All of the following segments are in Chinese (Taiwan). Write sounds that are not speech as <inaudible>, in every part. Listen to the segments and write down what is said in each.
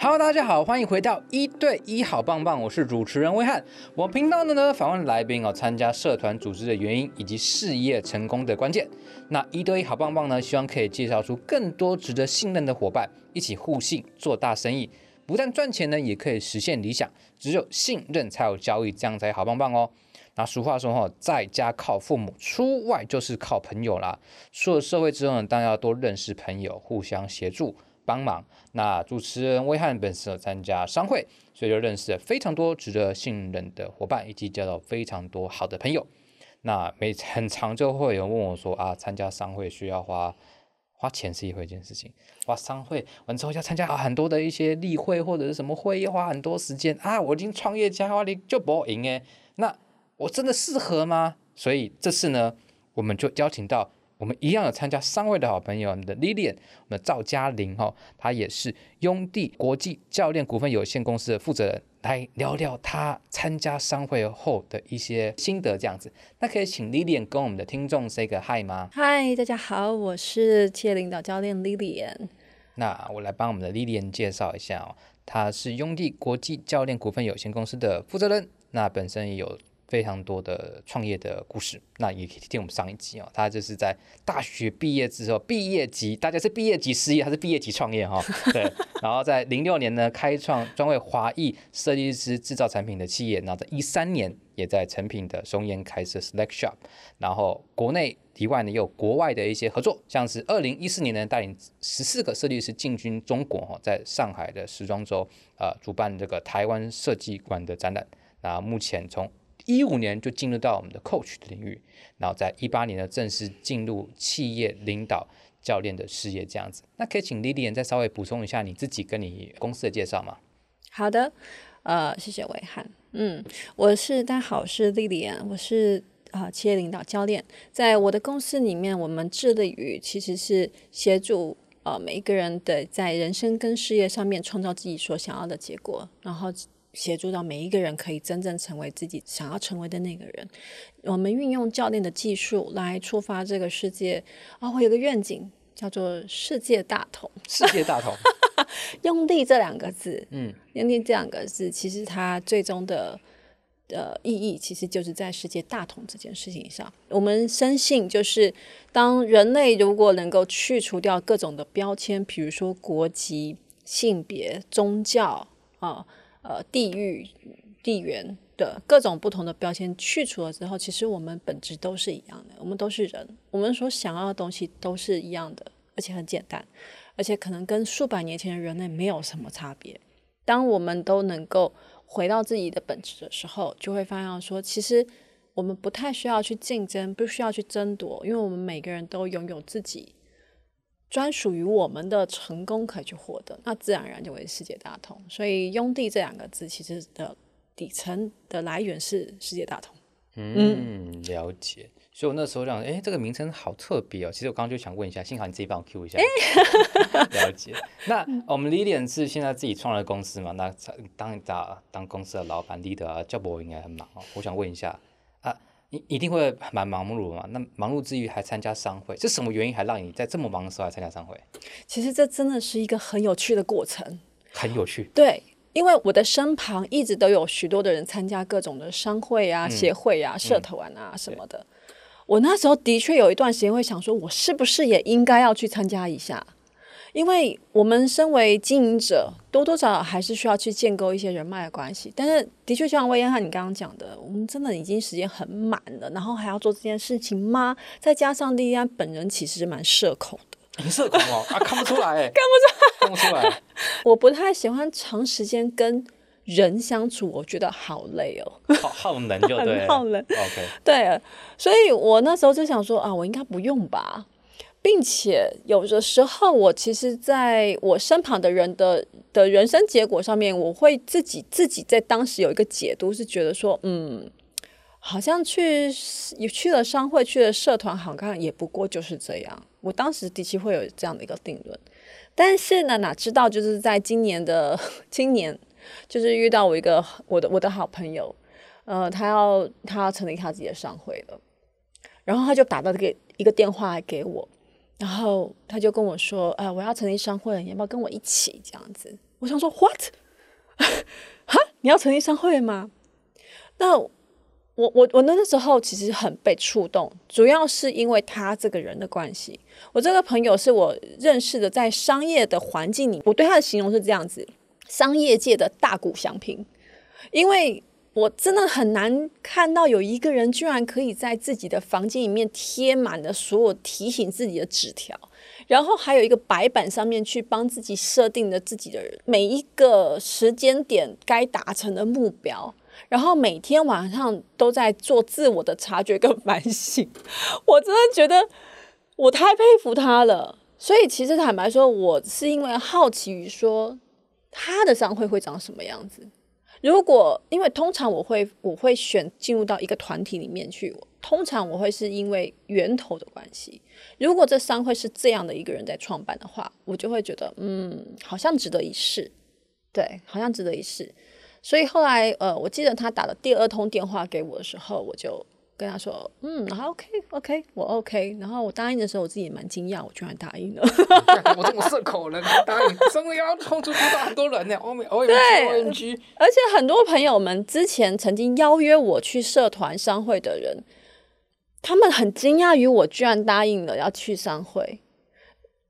Hello，大家好，歡迎回到一對一好棒棒，我是主持人威漢。我頻道的呢，訪問來賓哦，參加社團組織的原因以及事業成功的關鍵。那一對一好棒棒呢，希望可以介紹出更多值得信任的夥伴，一起互信做大生意，不但賺錢呢，也可以實現理想。只有信任才有交易，這樣才好棒棒哦。那俗話說哈、哦，在家靠父母，出外就是靠朋友啦。出了社會之後呢，當然要多認識朋友，互相協助。幫忙。那主持人威翰本身有參加商會，所以就認識了非常多值得信任的夥伴，以及交到非常多好的朋友。那每很長就會有人問我說啊，參加商會需要花花錢是一回一件事情，花商會完之後要參加很多的一些例會或者是什麼會議，花很多時間啊。我已經創業家話，你就不贏誒。那我真的適合嗎？所以這次呢，我們就邀請到。我們一樣有參加商會的好朋友，你的 Lilian，我們的 Lilian，我們趙家羚哈，她也是雍碲國際教練股份有限公司的負責人，來聊聊她參加商會後的一些心得，這樣子。那可以請 Lilian 跟我們的聽眾 say 個嗨嗎 hi 嗎？Hi，大家好，我是企業領導教練 Lilian。那我來幫我們的 Lilian 介紹一下哦，她是雍碲國際教練股份有限公司的負責人，那本身有非常多的創業的故事，那也可以聽聽。我們上一集哦，他就是在大學畢業之後，畢業即大家是畢業即失業，還是畢業即創業哈、哦？對。 <laughs> 然後在零六年呢，開創專為華裔設計師製造產品的企業。然後在一三年，也在誠品的松菸開設 select shop。然後國內以外呢，也有國外的一些合作，像是二零一四年呢，帶領十四個設計師進軍中國、哦，哈，在上海的時裝週啊、呃，主辦這個台灣設計館的展覽。那目前從一五年就進入到我們的 Coach 的領域，然後在一八年呢，正式進入企業領導教練的事業這樣子。那可以請 Lillian 再稍微補充一下你自己跟你公司的介紹嗎？好的，呃，謝謝維漢。嗯，我是大家好，我是 Lillian，我是啊、呃、企業領導教練。在我的公司裡面，我們致力於其實是協助呃每一個人的在人生跟事業上面創造自己所想要的結果，然後。協助到每一個人可以真正成為自己想要成為的那個人。我們運用教練的技術來觸發這個世界。啊、哦，我有個願景叫做“世界大同”。世界大同， <laughs> “雍碲”這兩個字，嗯，“雍碲”這兩個字，其實它最終的呃意義，其實就是在“世界大同”這件事情上。我們深信，就是當人類如果能夠去除掉各種的標籤，比如說國籍、性別、宗教啊。呃呃，地域、地緣的各種不同的標籤去除了之後，其實我們本質都是一樣的，我們都是人，我們所想要的東西都是一樣的，而且很簡單，而且可能跟數百年前的人類沒有什麼差別。當我們都能夠回到自己的本質的時候，就會發現說，其實我們不太需要去競爭，不需要去爭奪，因為我們每個人都擁有自己。專屬於我們的成功可以去獲得，那自然而然就會世界大同。所以“雍碲”這兩個字其實的底層的來源是世界大同。嗯，了解。所以我那時候講，哎，這個名稱好特別哦。其實我剛剛就想問一下，幸好你自己幫我 cue 一下。誒了解。那我們 Lillian 是現在自己創立公司嘛？那當大當公司的老闆 leader 啊 job 應該很忙哦。我想問一下。你一定會蠻忙碌的嘛？那忙碌之餘還參加商會，是什麼原因還讓你在這麼忙的時候還參加商會？其實這真的是一個很有趣的過程，很有趣。對，因為我的身旁一直都有許多的人參加各種的商會啊、嗯、協會啊、社團啊、嗯、什麼的。對我那時候的確有一段時間會想說，我是不是也應該要去參加一下？因為我們身為經營者，多多少少還是需要去建構一些人脈的關係。但是，的確像魏彥翰你剛剛講的，我們真的已經時間很滿了，然後還要做這件事情嗎？再加上 Lillian 本人其實是蠻社恐的，很社恐哦，啊，看不出來 <laughs> 看不出來，看不出來。 <laughs> 我不太喜歡長時間跟人相處，我覺得好累哦， <laughs> 好人，耗能就對，好能。OK 啊，對，所以我那時候就想說啊，我應該不用吧。並且有的時候，我其實在我身旁的人的的人生結果上面，我會自己自己在當時有一個解讀，是覺得說，嗯，好像去也去了商會，去了社團，好看也不過就是這樣。我當時的確會有這樣的一個定論。但是呢，哪知道就是在今年的今年，就是遇到我一個我的我的好朋友，呃，他要他要成立他自己的商會了，然後他就打到一個一個電話給我。然後他就跟我說：“呃，我要成立商會了，你要不要跟我一起這樣子？”我想說：“What？ <laughs> 哈，你要成立商會嗎？”那我我我那時候其實很被觸動，主要是因為他這個人的關係。我這個朋友是我認識的，在商業的環境裡，我對他的形容是這樣子：商業界的大谷翔平，因為。我真的很難看到有一個人居然可以在自己的房間裡面貼滿了所有提醒自己的紙條，然後還有一個白板上面，去幫自己設定的自己的每一個時間點該達成的目標，然後每天晚上都在做自我的察覺跟反省。我真的覺得我太佩服他了。所以其實坦白說，我是因為好奇於說他的商會會長什麼樣子。如果因為通常我會我會選進入到一個團體裡面去，通常我會是因為源頭的關係。如果這商會是這樣的一個人在創辦的話，我就會覺得嗯，好像值得一試。對，好像值得一試。所以後來呃，我記得他打了第二通電話給我的時候，我就。跟他說，嗯，好，OK，OK、OK, OK，我 OK。然後我答應的時候，我自己也蠻驚訝，我居然答應了。我這種社恐人，答應真的要衝出出到很多人呢。我 M O N G，而且很多朋友們之前曾經邀約我去社團商會的人，他們很驚訝於我居然答應了要去商會。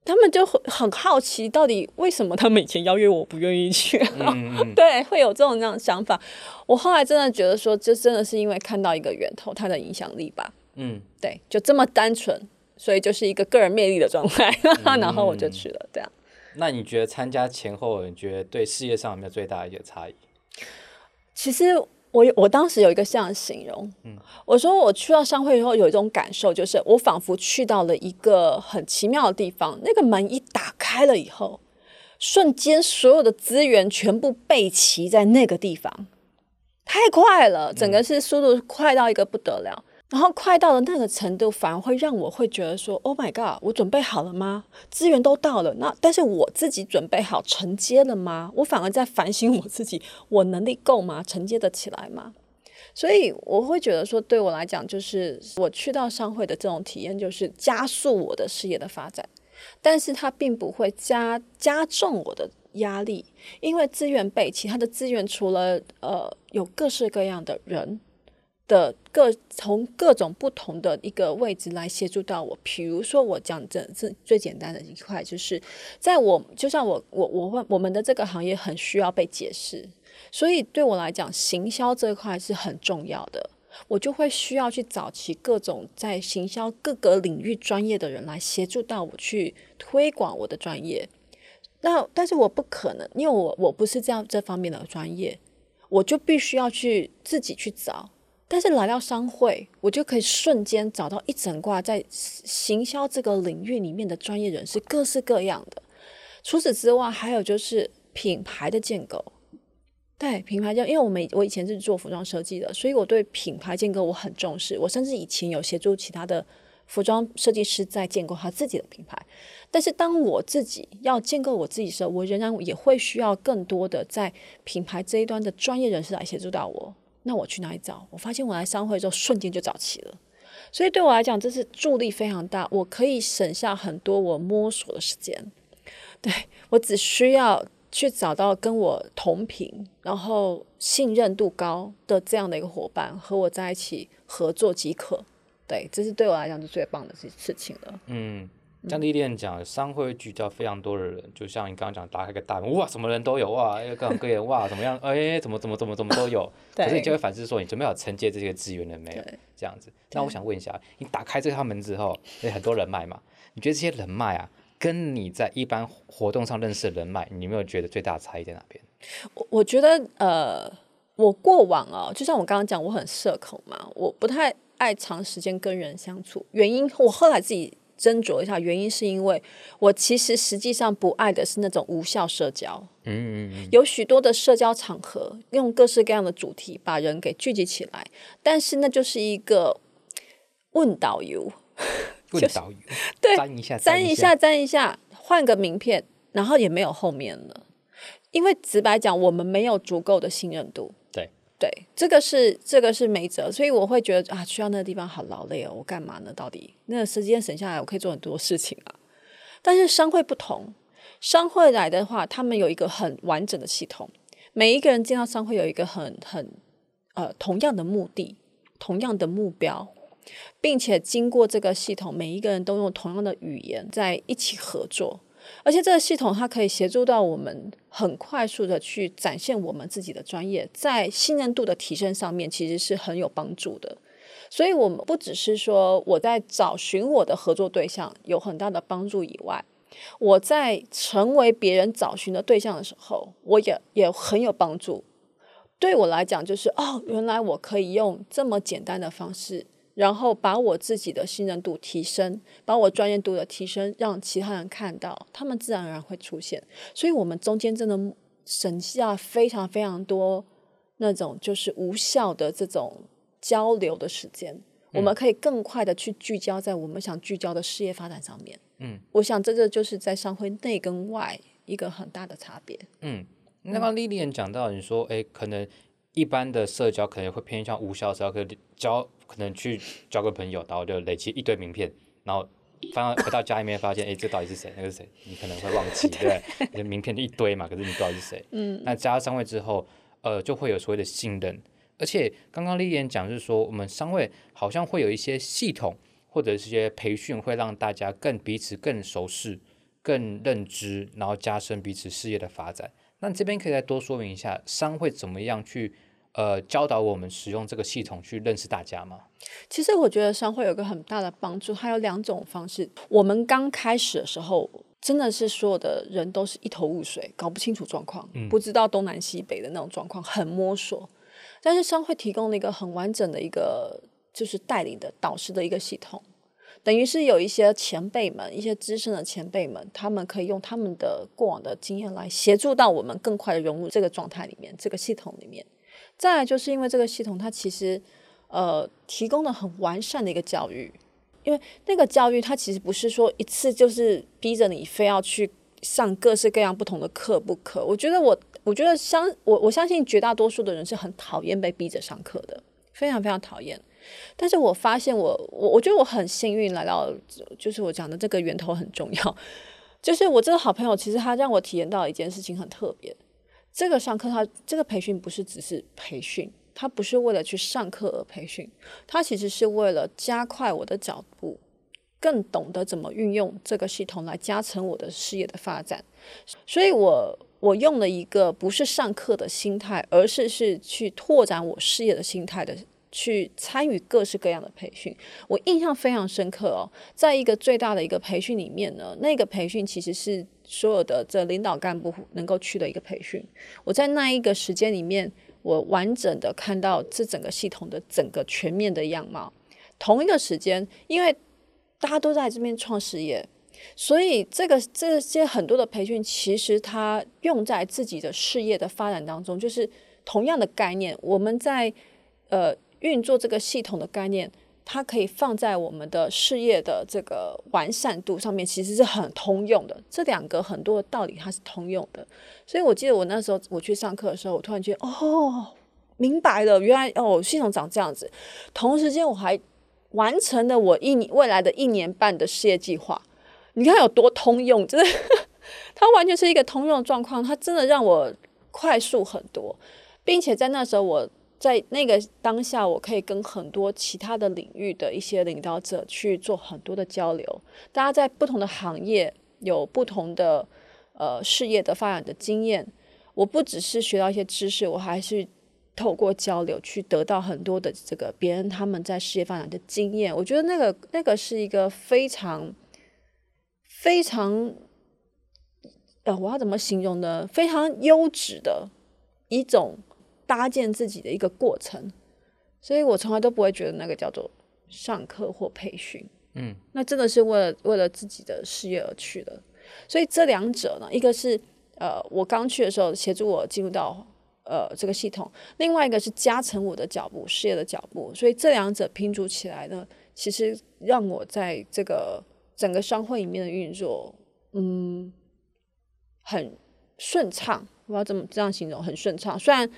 他們就很好奇，到底為什麼他們以前邀約我不願意去。嗯，嗯、 <laughs> 對，會有這種這樣想法。我後來真的覺得說，這真的是因為看到一個源頭，它的影響力吧。嗯，對，就這麼單純，所以就是一個個人魅力的狀態，嗯、 <laughs> 然後我就去了。這樣。嗯，對啊、那你覺得參加前後，你覺得對事業上有沒有最大的一個差異？其實。我我當時有一個這樣形容，我說我去到商會以後有一種感受，就是我仿佛去到了一個很奇妙的地方。那個門一打開了以後，瞬間所有的資源全部備齊在那個地方，太快了，整個是速度快到一個不得了。嗯然後快到了那個程度，反而會讓我會覺得說：“Oh my god，我準備好了嗎？資源都到了，那但是我自己準備好承接了嗎？我反而在反省我自己，我能力夠嗎？承接得起來嗎？所以我會覺得說，對我來講，就是我去到商會的這種體驗，就是加速我的事業的發展，但是它並不會加加重我的壓力，因為資源被其他的資源，除了呃，有各式各樣的人。”的各從各種不同的一個位置來協助到我，比如說我講這最最簡單的一塊，就是在我就像我我我我們的這個行業很需要被解釋，所以對我來講，行銷這一塊是很重要的，我就會需要去找其各種在行銷各個領域專業的人來協助到我去推廣我的專業。那但是我不可能，因為我我不是這樣這方面的專業，我就必須要去自己去找。但是來到商會，我就可以瞬間找到一整掛在行銷這個領域裡面的專業人士，各式各樣的。除此之外，還有就是品牌的建構。對，品牌建構，因為我們我以前是做服裝設計的，所以我對品牌建構我很重視。我甚至以前有協助其他的服裝設計師在建構他自己的品牌。但是當我自己要建構我自己的時候，我仍然也會需要更多的在品牌這一端的專業人士來協助到我。那我去哪裡找？我發現我來商會之後，瞬間就找齊了。所以對我來講，這是助力非常大，我可以省下很多我摸索的時間。對，我只需要去找到跟我同頻，然後信任度高的這樣的一個夥伴，和我在一起合作即可。對，這是對我來講是最棒的事情了。嗯。降低店講商會聚焦非常多的人，就像你剛剛講，打開個大門，哇，什麼人都有哇，各行各業哇，怎麼樣？哎，怎麼怎麼怎麼怎麼都有。 <laughs> 對可是你就會反思說，你準備有承接這些資源了沒有？對這樣子。那我想問一下，對你打開這套門之後，有很多人脈嘛？你覺得這些人脈啊，跟你在一般活動上認識的人脈，你有沒有覺得最大的差異在哪邊？我我覺得，呃，我過往啊、哦，就像我剛剛講，我很社恐嘛，我不太愛長時間跟人相處。原因，我後來自己。斟酌一下，原因是因為我其實實際上不愛的是那種無效社交。嗯，嗯，嗯，有許多的社交場合，用各式各樣的主題把人給聚集起來，但是那就是一個問導遊，問導遊，對、 <laughs> 就是，粘一下，粘對一下，粘一,一,一下，換個名片，然後也沒有後面了。因為直白講，我們沒有足夠的信任度。對。對，這個是這個是沒轍，所以我會覺得啊，去到那個地方好勞累哦，我幹嘛呢？到底那個時間省下來，我可以做很多事情啊。但是商會不同，商會來的話，他們有一個很完整的系統，每一個人進到商會有一個很很呃同樣的目的、同樣的目標，並且經過這個系統，每一個人都用同樣的語言在一起合作。而且這個系統，它可以協助到我們很快速的去展現我們自己的專業，在信任度的提升上面，其實是很有幫助的。所以，我們不只是說我在找尋我的合作對象有很大的幫助以外，我在成為別人找尋的對象的時候，我也也很有幫助。對我來講，就是哦，原來我可以用這麼簡單的方式。然後把我自己的信任度提升，把我專業度的提升，讓其他人看到，他們自然而然會出現。所以，我們中間真的省下非常非常多那種就是無效的這種交流的時間，嗯、我們可以更快的去聚焦在我們想聚焦的事業發展上面。嗯，我想這個就是在商會內跟外一個很大的差別。嗯，那剛 Lillian 講到，你說，哎，可能一般的社交可能會偏向無效的社交，可交。可能去交個朋友，然後就累積一堆名片，然後翻到回到家裡面發現， <laughs> 誒，這到底是誰？那個是誰？你可能會忘記，對你的 <laughs> 名片就一堆嘛，可是你不知道是誰。嗯。 <laughs> 那加入商會之後，呃，就會有所謂的信任，而且剛剛 Lillian 講就是說，我們商會好像會有一些系統或者是一些培訓，會讓大家更彼此更熟悉、更認知，然後加深彼此事業的發展。那你這邊可以再多說明一下，商會怎麼樣去？呃，教導我們使用這個系統去認識大家嗎？其實我覺得商會有一個很大的幫助，它有兩種方式。我們剛開始的時候，真的是所有的人都是一頭霧水，搞不清楚狀況，嗯、不知道東南西北的那種狀況，很摸索。但是商會提供了一個很完整的一個，就是帶領的導師的一個系統，等於是有一些前輩們，一些資深的前輩們，他們可以用他們的過往的經驗來協助到我們更快的融入這個狀態裡面，這個系統裡面。再來就是因為這個系統，它其實，呃，提供的很完善的一個教育，因為那個教育它其實不是說一次就是逼着你非要去上各式各樣不同的課不可。我覺得我，我覺得相我我相信絕大多數的人是很討厭被逼着上課的，非常非常討厭。但是我發現我我我覺得我很幸運來到，就是我講的這個源頭很重要，就是我這個好朋友其實他讓我體驗到一件事情很特別。這個上課，他這個培訓不是只是培訓，他不是為了去上課而培訓，他其實是為了加快我的腳步，更懂得怎麼運用這個系統來加成我的事業的發展。所以我，我我用了一個不是上課的心態，而是是去拓展我事業的心態的，去參與各式各樣的培訓，我印象非常深刻哦。在一個最大的一個培訓裡面呢，那個培訓其實是所有的這領導幹部能夠去的一個培訓。我在那一個時間裡面，我完整的看到這整個系統的整個全面的樣貌。同一個時間，因為大家都在這邊創事業，所以這個這些很多的培訓，其實它用在自己的事業的發展當中，就是同樣的概念。我們在呃。運作這個系統的概念，它可以放在我們的事業的這個完善度上面，其實是很通用的。這兩個很多道理它是通用的，所以我記得我那時候我去上課的時候，我突然覺得哦，明白了，原來哦系統長這樣子。同時間我還完成了我一未來的一年半的事業計劃，你看有多通用，真的呵呵，它完全是一個通用狀況，它真的讓我快速很多，並且在那時候我。在那個當下，我可以跟很多其他的領域的一些領導者去做很多的交流。大家在不同的行業有不同的呃事業的發展的經驗。我不只是學到一些知識，我還是透過交流去得到很多的這個別人他們在事業發展的經驗。我覺得那個那個是一個非常非常呃、啊，我要怎麼形容呢？非常優質的一種。搭建自己的一個過程，所以我從來都不會覺得那個叫做上課或培訓，嗯，那真的是為了為了自己的事業而去的。所以這兩者呢，一個是呃我剛去的時候協助我進入到呃這個系統，另外一個是加成我的腳步事業的腳步。所以這兩者拼組起來呢，其實讓我在這個整個商會裡面的運作，嗯，很順暢。我要怎麼這樣形容，很順暢，雖然。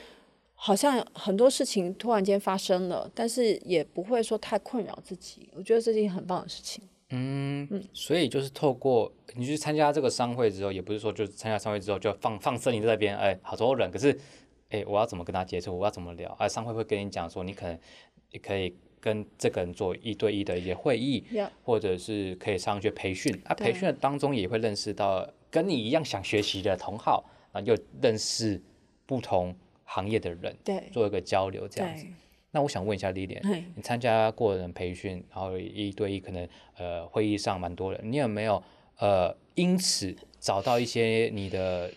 好像很多事情突然間發生了，但是也不會說太困擾自己，我覺得這是一件很棒的事情。嗯，所以就是透過你去參加這個商會之後，也不是說就參加商會之後就放放生你這邊，哎、欸，好多人，可是哎、欸，我要怎麼跟他接觸？我要怎麼聊？哎、啊，商會會跟你講說，你可能也可以跟這個人做一對一的一些會議，Yeah. 或者是可以上去培訓。Yeah. 啊，培訓當中也會認識到跟你一樣想學習的同好啊，又認識不同。行業的人，對，做一個交流這樣子。對那我想問一下 Lillian，嗯、你參加過的人培訓，然後一對一，可能呃會議上蠻多人，你有沒有呃因此找到一些你的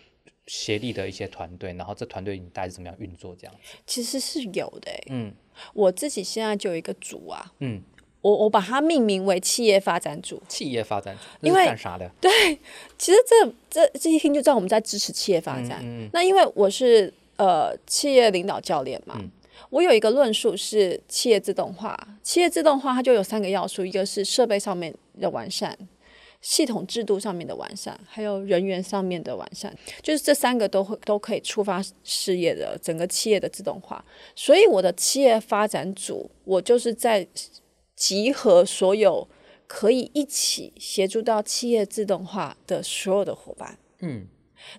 協力的一些團隊？然後這團隊你大概是怎麼樣運作？這樣其實是有的、欸。嗯，我自己現在就有一個組啊，嗯，我我把它命名為企業發展組。企業發展組。因為幹啥的？對，其實這這、這一聽就知道我們在支持企業發展。嗯嗯、那因為我是。呃，企業領導教練嘛，嗯、我有一個論述是企業自動化。企業自動化它就有三個要素，一個是設備上面的完善，系統制度上面的完善，還有人員上面的完善，就是這三個都會都可以觸發事業的整個企業的自動化。所以我的企業發展組，我就是在集合所有可以一起協助到企業自動化的所有的夥伴，嗯，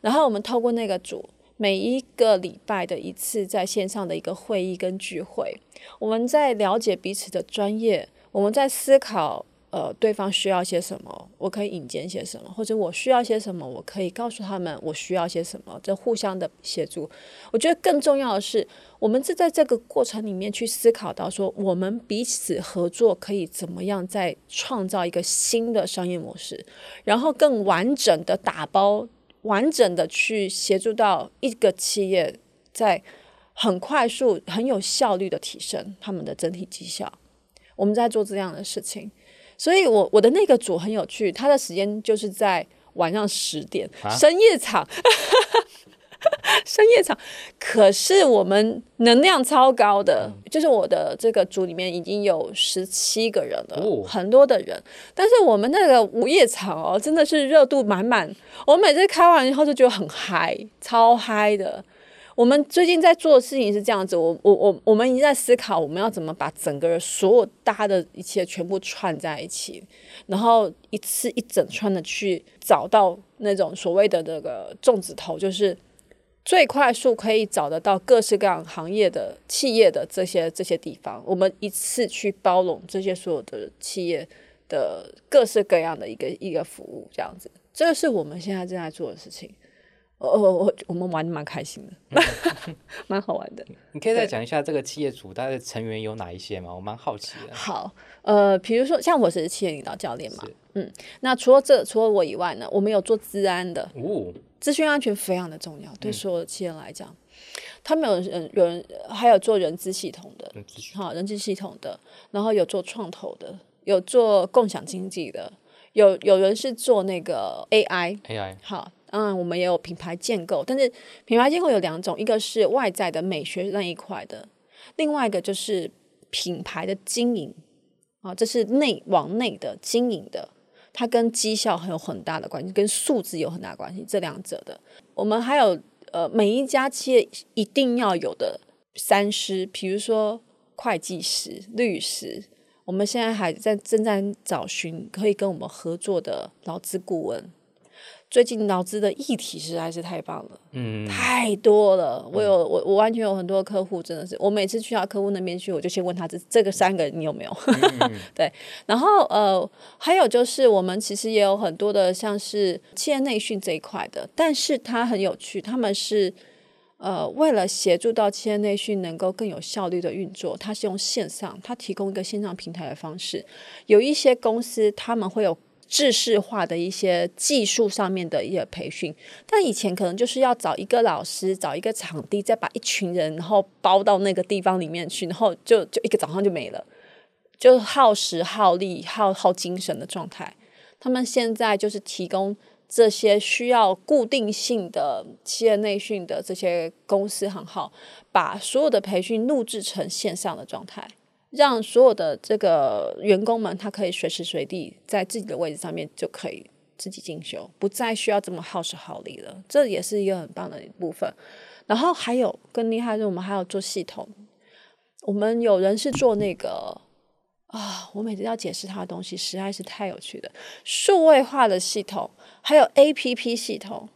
然後我們透過那個組。每一個禮拜的一次在線上的一個會議跟聚會，我們在了解彼此的專業，我們在思考，呃，對方需要些什麼，我可以引薦些什麼，或者我需要些什麼，我可以告訴他們我需要些什麼。這互相的協助，我覺得更重要的是，我們是在這個過程裡面去思考到說，我們彼此合作可以怎麼樣再創造一個新的商業模式，然後更完整的打包。完整的去協助到一個企業，在很快速、很有效率的提升他們的整體績效。我們在做這樣的事情，所以我，我我的那個組很有趣，他的時間就是在晚上十點，啊、深夜場。 <laughs> <laughs> 深夜場，可是我們能量超高的，Wow. 就是我的這個組裡面已經有十七個人了，oh. 很多的人。但是我們那個午夜場哦，真的是熱度滿滿。我每次開完以後就覺得很嗨，超嗨的。我們最近在做的事情是這樣子，我我我，我們已經在思考我們要怎麼把整個人所有搭的一切全部串在一起，然後一次一整串的去找到那種所謂的那個粽子頭，就是。最快速可以找得到各式各樣行業的企業的這些這些地方，我們一次去包容這些所有的企業的各式各樣的一個一個服務，這樣子，這是我們現在正在做的事情。Oh, 我我我我們玩的蠻開心的，嗯、蠻好玩的。你可以再講一下這個企業組它的成員有哪一些嗎？我蠻好奇的。好，呃，比如說像我是企業領導教練嘛，是嗯，那除了這除了我以外呢，我們有做資安的，哦，資訊安全非常的重要，對所有企業來講，嗯、他們有有人還有做人資系統的，好、嗯哦，人資系統的，然後有做創投的，有做共享經濟的，嗯、有有人是做那個 AI，AI，AI 好。嗯，我們也有品牌建構，但是品牌建構有兩種，一個是外在的美學那一塊的，另外一個就是品牌的經營啊，這是內往內的經營的，它跟績效還有很大的關係，跟數字有很大的關係，這兩者的。我們還有呃，每一家企業一定要有的三師，比如說會計師、律師，我們現在還在正在找尋可以跟我們合作的勞資顧問。最近腦子的議題實在是太棒了，嗯，太多了。我有我、嗯、我完全有很多客戶，真的是我每次去到客戶那邊去，我就先問他這這個三個你有沒有？嗯嗯嗯 <laughs> 對，然後呃，還有就是我們其實也有很多的像是企業內訓這一塊的，但是它很有趣，他們是呃為了協助到企業內訓能夠更有效率的運作，它是用線上，它提供一個線上平台的方式，有一些公司他們會有。制式化的一些技術上面的一些培訓，但以前可能就是要找一個老師，找一個場地，再把一群人然後包到那個地方裡面去，然後就就一個早上就沒了，就耗時耗力、耗耗精神的狀態。他們現在就是提供這些需要固定性的企業內訓的這些公司行號，把所有的培訓錄制成線上的狀態。讓所有的這個員工們，他可以隨時隨地在自己的位置上面就可以自己進修，不再需要這麼耗時耗力了，這也是一個很棒的一部分。然後還有更厲害的是，我們還有做系統。我們有人是做那個啊、哦，我每次要解釋他的東西實在是太有趣了。數位化的系統，還有 APP 系統，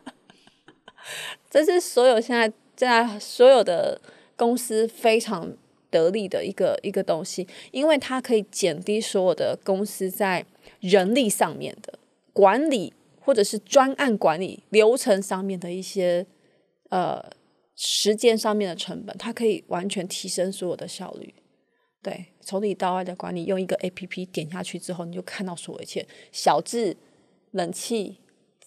<laughs> 這是所有現在在所有的公司非常。得力的一個一個東西，因為它可以減低所有的公司在人力上面的管理，或者是專案管理流程上面的一些呃時間上面的成本，它可以完全提升所有的效率。對，從裡到外的管理，用一個 A P P 點下去之後，你就看到所有一切小至冷氣、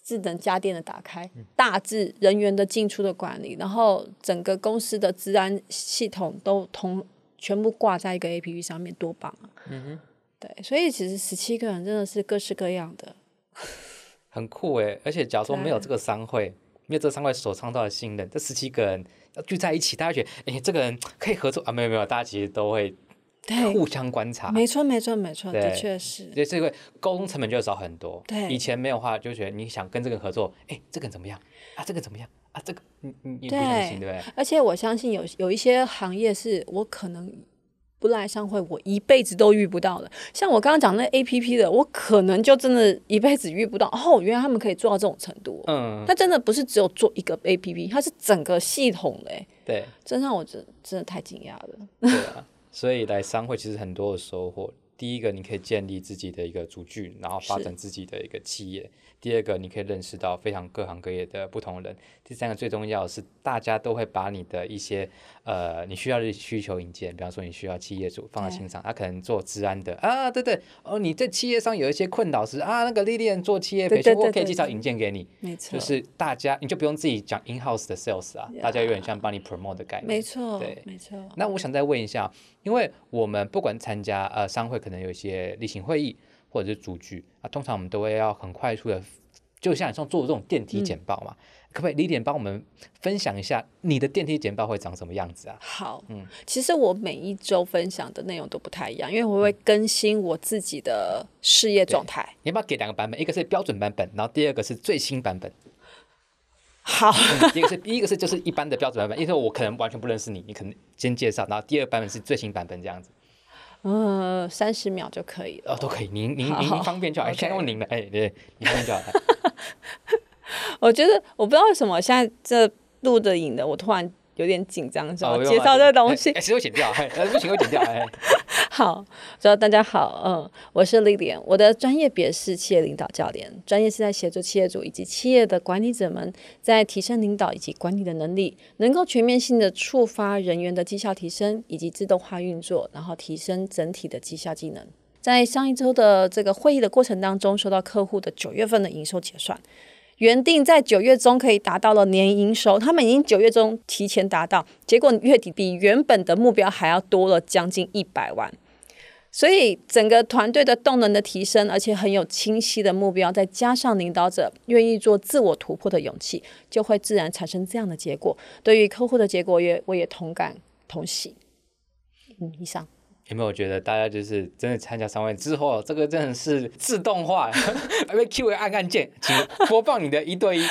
智能家電的打開，大至人員的進出的管理，然後整個公司的治安系統都同。全部掛在一個 APP 上面，多棒啊！嗯哼，對，所以其實十七個人真的是各式各樣的，很酷誒、欸。而且假如說沒有這個商會，對沒有這個商會所創造的信任，這十七個人聚在一起，大家覺得哎、欸，這個人可以合作啊？沒有沒有，大家其實都會互相觀察，沒錯沒錯沒錯，沒錯沒錯對的確是對，這個溝通成本就少很多。對，以前沒有話，就覺得你想跟這個合作，哎、欸，這個人怎麼樣？啊，這個人怎麼樣？啊，這個你你對你不相信對。而且我相信有有一些行業是我可能不來商會，我一輩子都遇不到的。像我剛剛講的那 A P P 的，我可能就真的一輩子遇不到。哦，原來他們可以做到這種程度，嗯，他真的不是只有做一個 A P P，他是整個系統的，對，真讓我真的真的太驚訝了。對啊， <laughs> 所以來商會其實很多的收穫。第一個，你可以建立自己的一個族群，然後發展自己的一個企業。第二個，你可以認識到非常各行各業的不同人。第三個，最重要是大家都會把你的一些呃你需要的需求引薦，比方說你需要企業主放在心上，他對、啊、可能做資安的啊，對對哦，你在企業上有一些困擾時啊，那個 Lillian 做企業培訓，對對對對對，我可以介紹引薦給你，沒錯，就是大家你就不用自己講 in house 的 sales 啊，yeah, 大家有點像幫你 promote 的概念，沒錯，對，沒錯。那我想再問一下，因為我們不管參加呃商會，可能有一些例行會議。或者是主句啊，通常我們都會要很快速的，就像你像做這種電梯簡報嘛，嗯、可不可以？Lillian 幫我們分享一下你的電梯簡報會長什麼樣子啊？好，嗯，其實我每一周分享的內容都不太一樣，因為我會更新我自己的事業狀態、嗯。你要不要給兩個版本？一個是標準版本，然後第二個是最新版本。好，一個是第一個是一個就是一般的標準版本， <laughs> 因為我可能完全不認識你，你可能先介紹，然後第二個版本是最新版本這樣子。嗯，三十秒就可以了。哦，都可以，您您您方便就好，okay 先用您的，哎，對，您方便就好。 <laughs> <laughs> 我覺得我不知道為什麼現在這錄的影的，我突然。有點緊張，就、哦、介紹這個東西。哎，其我剪掉，哎、呃，不行，我剪掉。 <laughs> 好，主大家好，嗯，我是 Lillian，我的專業別是企業領導教練，專業是在協助企業主以及企業的管理者們，在提升領導以及管理的能力，能夠全面性的觸發人員的績效提升以及自動化運作，然後提升整體的績效技能。在上一周的這個會議的過程當中，收到客戶的九月份的營收結算。原定在九月中可以達到了年營收，他們已經九月中提前達到，結果月底比原本的目標還要多了將近一百萬，所以整個團隊的動能的提升，而且很有清晰的目標，再加上領導者願意做自我突破的勇氣，就會自然產生這樣的結果。對於客戶的結果，也我也同感同喜。嗯，以上。有沒有覺得大家就是真的參加商會之後，這個真的是自動化，因為 Q 會按按鍵，請播放你的一對一，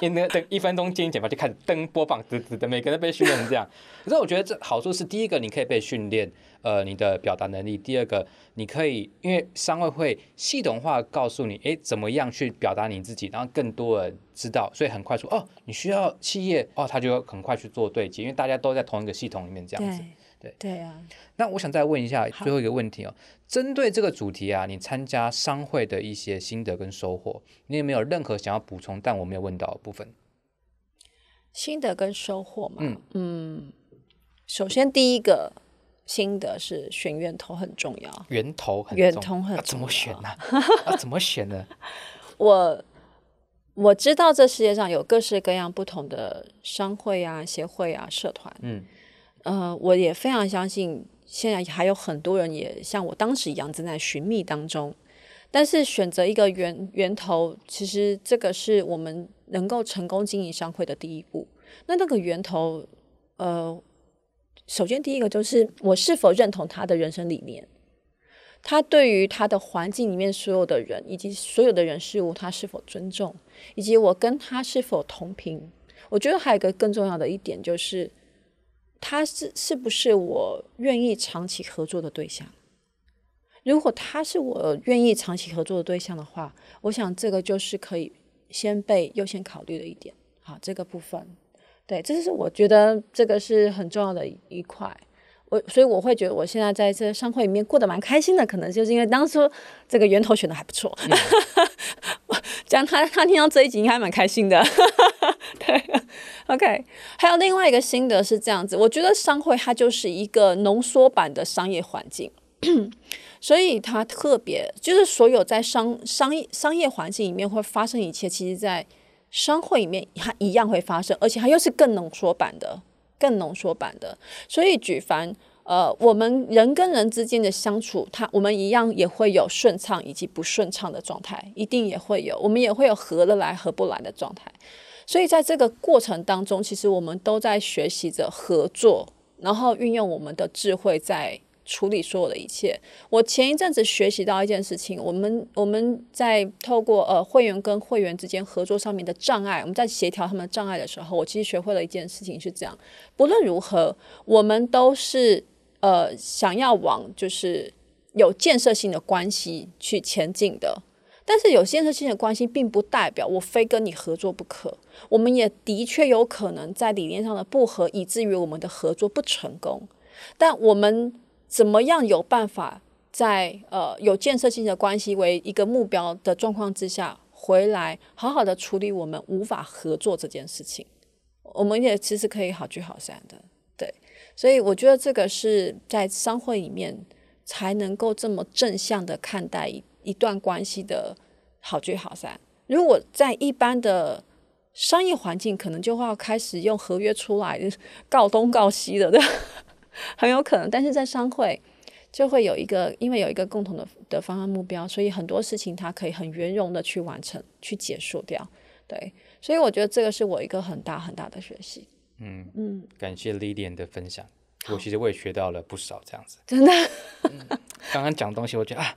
一個 <laughs> 等一分鐘經營簡報就開始登，播放，滋滋的，每個人被訓練成這樣。可是我覺得這好處是，第一個你可以被訓練，呃，你的表達能力，第二個你可以因為商會會系統化告訴你，哎，怎麼樣去表達你自己，然後更多人知道，所以很快說，哦，你需要企業，哦，他就很快去做對接，因為大家都在同一個系統裡面這樣子。對，對啊，那我想再問一下最後一個問題哦，好針對這個主題啊，你參加商會的一些心得跟收穫，你有沒有任何想要補充，但我沒有問到的部分？心得跟收穫嘛，嗯，嗯，首先第一個心得是選源頭很重要，源頭很重要。很怎麼選呢？怎麼選呢？我我知道這世界上有各式各樣不同的商會啊、協會啊、社團，嗯。呃，我也非常相信，現在還有很多人也像我當時一樣正在尋覓當中。但是選擇一個源源頭，其實這個是我們能夠成功經營商會的第一步。那那個源頭，呃，首先第一個就是我是否認同他的人生理念，他對於他的環境裡面所有的人以及所有的人事物，他是否尊重，以及我跟他是否同頻。我覺得還有一個更重要的一點就是。他是是不是我願意長期合作的對象？如果他是我願意長期合作的對象的話，我想這個就是可以先被優先考慮的一點。好，這個部分，對，這就是我覺得這個是很重要的一塊。所以我會覺得我現在在這商會裡面過得蠻開心的，可能就是因為當初這個源頭選的還不錯。講、嗯、 <laughs> 他他聽到這一集應該蠻開心的， <laughs> 對，OK。還有另外一個心得是這樣子，我覺得商會它就是一個濃縮版的商業環境， <coughs> 所以他特別就是所有在商商業商業環境裡面會發生一切，其實在商會裡面它一樣會發生，而且它又是更濃縮版的。更濃縮版的，所以舉凡呃，我們人跟人之間的相處，它我們一樣也會有順暢以及不順暢的狀態，一定也會有，我們也會有合得來、合不來的狀態。所以在這個過程當中，其實我們都在學習着合作，然後運用我們的智慧在。處理所有的一切。我前一陣子學習到一件事情，我們我們在透過呃會員跟會員之間合作上面的障礙，我們在協調他們障礙的時候，我其實學會了一件事情是這樣：不論如何，我們都是呃想要往就是有建設性的關係去前進的。但是有建設性的關係，並不代表我非跟你合作不可。我們也的確有可能在理念上的不合，以至於我們的合作不成功。但我們怎麼樣有辦法在呃有建設性的關係為一個目標的狀況之下回來好好的處理我們無法合作這件事情。我們也其實可以好聚好散的，對。所以我覺得這個是在商會裡面才能夠這麼正向的看待一段關係的好聚好散。如果在一般的商業環境，可能就會要開始用合約出來告東告西的。很有可能，但是在商會就會有一個，因為有一個共同的的方案目標，所以很多事情它可以很圓融的去完成、去結束掉。對，所以我覺得這個是我一個很大很大的學習。嗯嗯，嗯感謝 Lillian 的分享，好我其實我也學到了不少這樣子。真的、嗯。剛剛講東西，我覺得啊，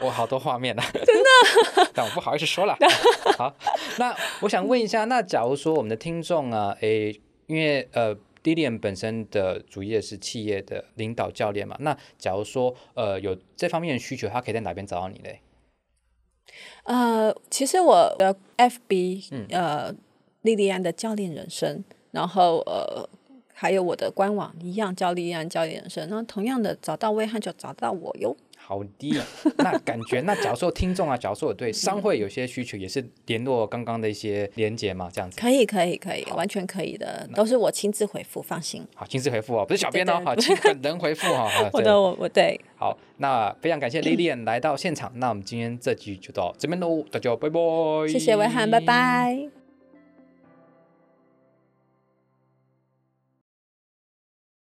我好多畫面呢、啊。真的。 <laughs> 但我不好意思說了。 <laughs> 好，那我想問一下，那假如說我們的聽眾啊，誒，因為呃。Lillian 本身的主業是企業的領導教練嘛？那假如說呃有這方面的需求，他可以在哪邊找到你嘞？呃，其實我的 FB，、嗯、呃，莉莉安的教練人生，然後呃，還有我的官網一樣，叫莉莉安教練人生。那同樣的，找到威翰就找到我喲。好低，那感覺那假如說聽眾啊， <laughs> 假如說我對商會有些需求，也是聯絡剛剛的一些連接嘛，這樣子可以，可，以可以，可以好，可以，完全可以的，那都是我親自回復，放心。好，親自回復哦，不是小編哦，對對對，好，本人回復哈、哦。 <laughs> 我的我，我我對。好，那非常感謝 Lillian 來到現場， <laughs> 那我們今天這集就到這邊嘍，大家拜拜，謝謝威漢，拜拜。